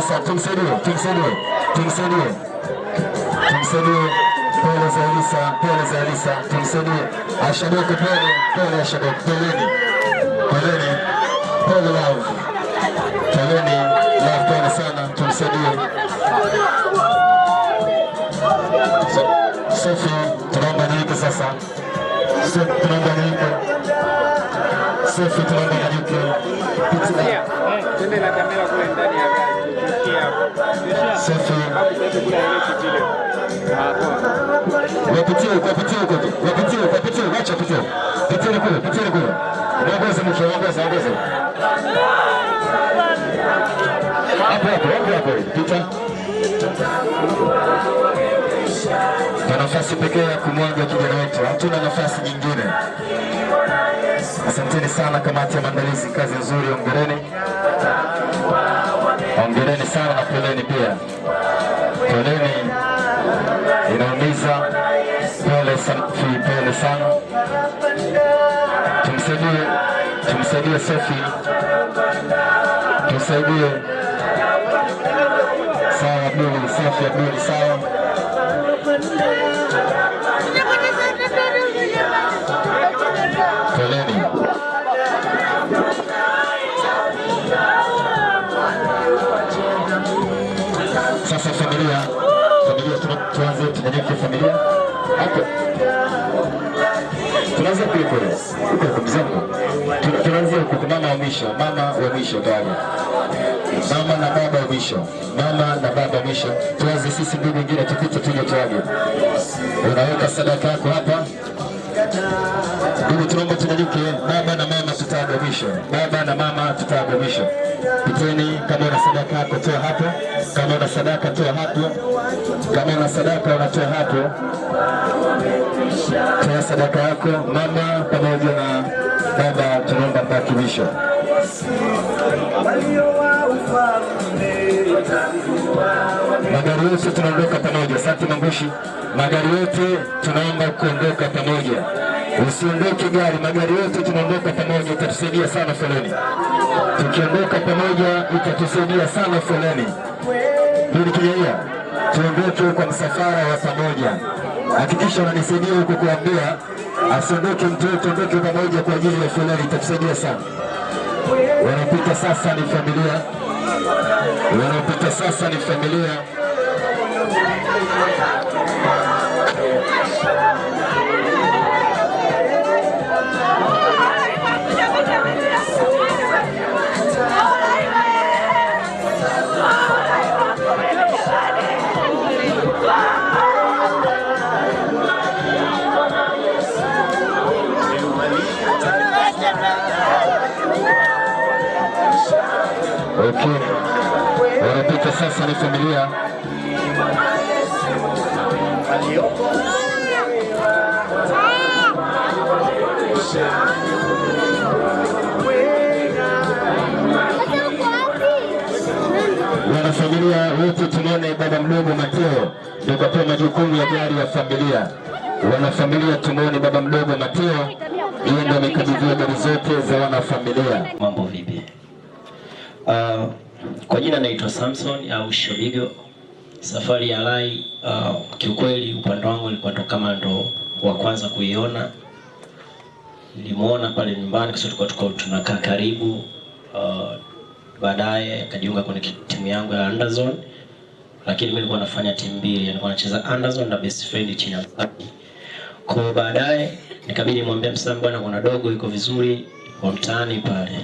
kabisa, tumsaidie, tumsaidie, tumsaidie, tumsaidie. Pole Zaiylisa, pole Zaiylisa, tumsaidie. Ashadoke, pole, pole Ashadoke, poleni, poleni, pole Love, poleni Love, pole sana, tumsaidie. Sofi, tunaomba niike sasa, tunaomba niike Sofi, tunaomba niike, pitia, twende na kamera kule ndani ya gari. Wapitie wapitie huko, wapitie wapitie huko, pitie. Pitie kule, pitie kule. Waongoze mwisho, waongoze, waongoze. Hapo hapo, hapo hapo. Pita. Kwa nafasi pekee ya kumwaga kijana wetu, hatuna nafasi nyingine. Asanteni sana kamati ya maandalizi, kazi nzuri, ongereni. Poleni sana na poleni pia, poleni inaumiza. Pole sana, pole sana. Tumsaidie, tumsaidie Sofi, tumsaidie. Sawa Abduli, Sofi Abduli, sawa. moja hapo, tunaanza kule kule huko kumzangu, tunaanza huko. Mama wa mwisho, mama wa mwisho gani? Mama na baba wa mwisho, mama na baba wa mwisho. Tuanze sisi ndugu wengine, tupite tuje tuage. Unaweka sadaka yako hapa, ndugu, tunaomba tunyanyuke, baba na mama tutaadamisha. Baba na mama, tutaadamisha. Pitweni, kama una sadaka yako toa hapo, kama una sadaka toa hapo, kama una sadaka unatoa hapo, toa sadaka yako. Mama pamoja na baba, tunaomba kuadhimisha magari yote, tunaondoka pamoja. Asante Mangushi, magari yote tunaomba kuondoka pamoja. Usiondoke gari, magari yote tunaondoka pamoja, itatusaidia sana foleni. Tukiondoka pamoja, itatusaidia sana foleni. Hili kijaia, tuondoke kwa msafara wa pamoja. Hakikisha unanisaidia huko kuambia asiondoke mtoto, tuondoke pamoja kwa ajili ya foleni, itatusaidia sana. Wanapita sasa ni familia, wanapita sasa ni familia. sasa ni familia wanafamilia wote tulione baba mdogo Mateo ndio kapewa majukumu ya gari ya familia. Wanafamilia tumuone baba mdogo Mateo, yeye ndio amekabidhiwa gari zote za wanafamilia. Mambo vipi? Uh, kwa jina naitwa Samson au Shobigo. Safari ya Rai uh, kiukweli upande wangu nilikuwa ndo kama ndo wa kwanza kuiona. Nilimuona pale nyumbani kwa sababu tulikuwa tunakaa karibu uh, baadaye akajiunga kwenye timu yangu ya Anderson, lakini mimi nilikuwa nafanya timu mbili, nilikuwa nacheza Anderson na best friend chini ya Msambi. Kwa baadaye nikabidi nimwambie Msambi, bwana kuna dogo iko vizuri kwa mtaani pale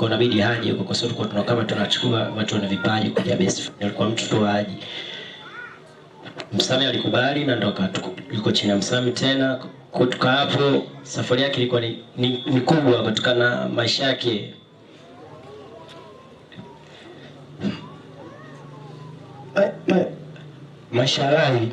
kwa inabidi aje huko, kwa sababu tulikuwa tuna kama tunachukua watu wana vipaji kuja best. friend. Nilikuwa mtu tu aje. Msami alikubali na ndoka yuko chini ya Msami tena kutoka hapo. Safari yake ilikuwa ni, ni, ni kubwa kutokana na maisha yake maisha yake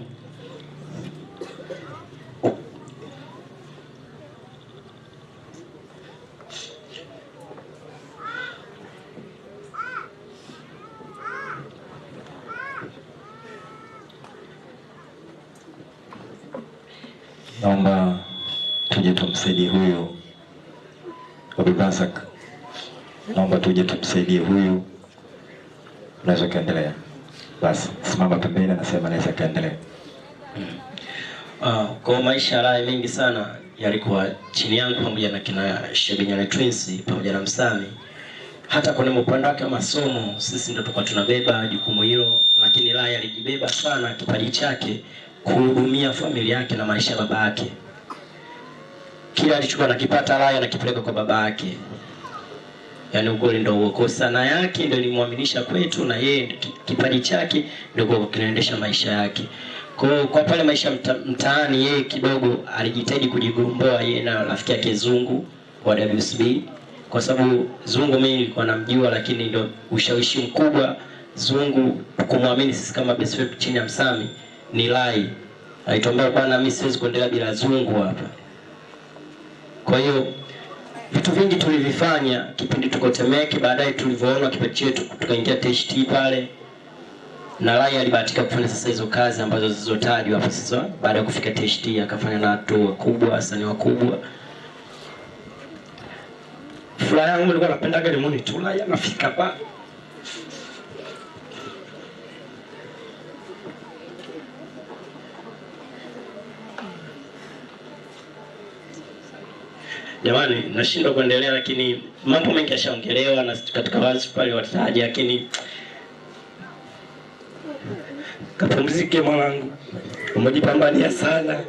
naomba tuje tumsaidie huyu Wabibasak, naomba tuje tumsaidie huyu. Unaweza kaendelea basi, simama pembeni, anasema naweza kaendelea. Uh, ah, kwa maisha raha mengi sana yalikuwa chini yangu pamoja na kina Shebinyane Twins pamoja na Msami. Hata kwenye upande wake masomo sisi ndio tulikuwa tunabeba jukumu hilo, lakini Raya alijibeba sana kipaji chake kuhudumia familia yake na maisha ya baba yake. Kila alichokuwa nakipata Raya nakipeleka kwa baba yake. Yaani ukweli ndio huo. Kwa sana yake ndio ilimwaminisha kwetu na yeye kipaji chake ndio kinaendesha maisha yake. Kwa kwa pale maisha mta, mtaani yeye kidogo alijitahidi kujigomboa yeye na rafiki yake Zungu wa WSB, kwa sababu Zungu mimi nilikuwa namjua, lakini ndio ushawishi mkubwa Zungu kumwamini sisi kama best friend chini ya Msami ni lai aituambia kwa na mimi siwezi kuendelea bila zungu hapa. Kwa hiyo vitu vingi tulivifanya kipindi tuko Temeke, baadaye tulivyoona kipindi chetu tukaingia THT pale, na lai alibahatika kufanya sasa hizo kazi ambazo zilizotajwa hapo. Sasa baada ya kufika THT akafanya na watu wakubwa, wasanii wakubwa. Furaha yangu nilikuwa napendaga limoni tu, lai anafika pale Jamani, nashindwa kuendelea, lakini mambo mengi yashaongelewa na katika wazi pale wataaji, lakini kapumzike mwanangu, umejipambania sana.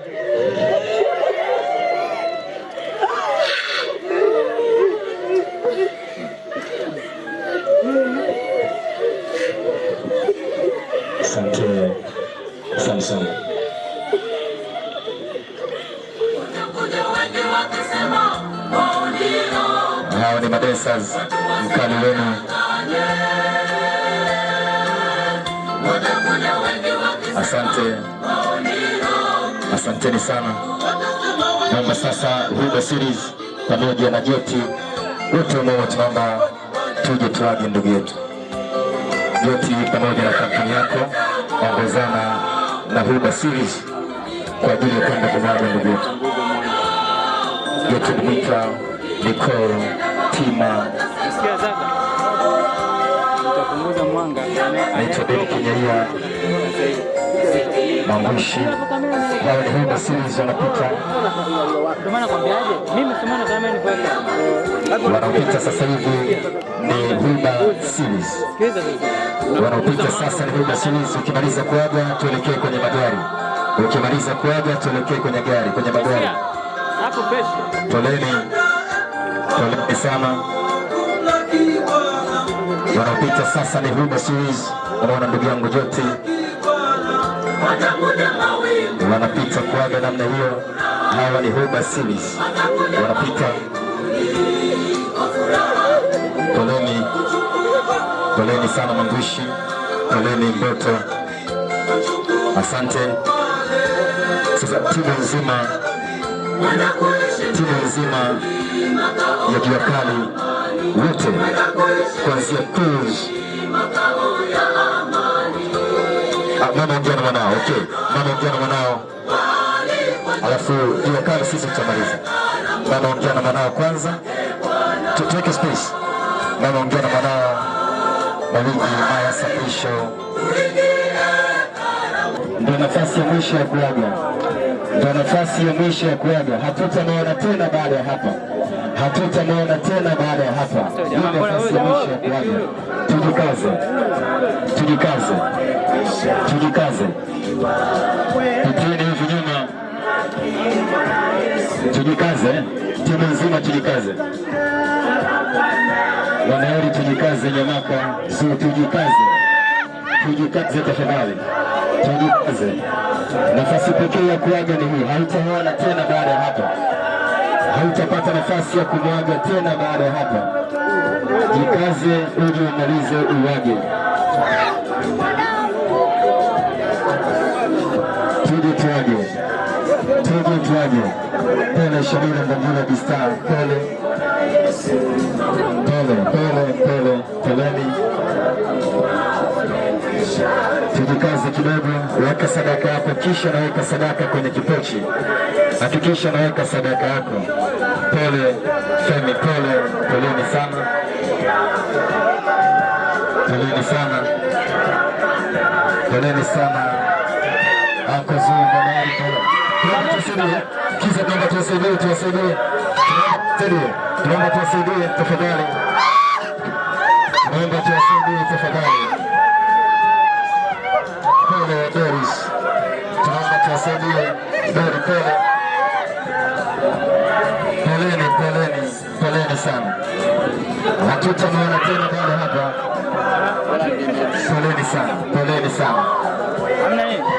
Masters mkali wenu asante, asanteni sana. namba sasa Hugo Series pamoja na Joti wote ambao tunaomba tuje tuage ndugu yetu Joti pamoja na kampuni yako ongozana na Hugo Series kwa ajili ya kwenda kumwaga ndugu yetu Joti Dumika Nicole Mtima. Naitwa Beli Kinyalia Mwangushi. Leo ni Hemba Series wanapita, wanaopita sasa hivi ni Hemba Series, wanaopita sasa ni Hemba Series. Ukimaliza kuaga, tuelekee kwenye magari. Ukimaliza kuaga, tuelekee kwenye gari, kwenye magari. Toleni karibu sana wanapita sasa, ni Huba Series. Unaona ndugu yangu Joti wanapita kuaga namna hiyo. Hawa ni Huba Series wanapita poleni, poleni sana Mangushi, poleni Mboto, asante. Sasa timu nzima timu nzima ya Kiafrikani wote kuanzia kuu ah, mama ongea na mwanao. Okay, mama ongea na mwanao, alafu Kiafrikani sisi tutamaliza. Mama ongea na mwanao kwanza, tuweke space. Mama ongea na mwanao, mawingi haya safisho, ndio nafasi ya mwisho ya kuaga ndo nafasi ya mwisho ya kuaga. Hatutamuona tena baada ya hapa, hatutamuona tena baada ya hapa. Ndio nafasi ya mwisho ya kuaga. Tujikaze, tujikaze, tujikaze, pitini hivi nyuma, tujikaze, timu nzima tujikaze. Wanaheri, tujikaze Nyamaka, so tujikaze, tujikaze tafadhali, tujikaze. Nafasi pekee ya kuaga ni hii, hautaona tena baada ya hapa, hautapata nafasi ya kumwaga tena baada ya hapa. Jikaze uje umalize uwage. Tuje tuage, tuje tuage. Pole Shamira Mbambula bista pole pole pole pole, poleni jikaze kidogo, weka sadaka yako, kisha naweka sadaka kwenye kipochi. Hakikisha naweka sadaka yako. Pole Femi, pole, poleni sana, poleni sana, poleni sana akozuakiza kwamba tuwasaidie, tuwasaidie, tunaomba tuwasaidie tafadhali, tunaomba tuwasaidie tafadhali. mikono. Poleni, poleni, poleni sana, hatutamwona tena bado hapa. Poleni sana, poleni sana. Amna